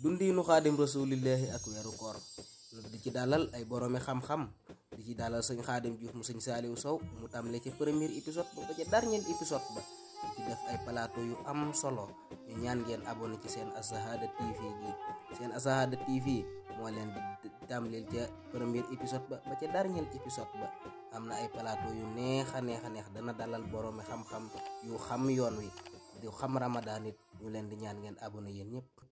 nu khadim rasulillah ak weeru ya koor di ci dalal ay boroomi xam-xam di ci dalal sëñ khadim juuf mu sëñ saaliw sow mu tamlé ci premier episode, ba ba dernier episode ba di def ay plateau yu am solo ñu ñaan ngeen abonné ci sen asahada tv gi sen asahada tv mo leen di tàmlil ca premier episode ba ba ca dernier episode ba am na ay plateau yu neex neex dana dalal boroomi xam-xam yu xam yoon wi di xam ramadanit ñu leen di ñaan ngeen abonné yeen ñep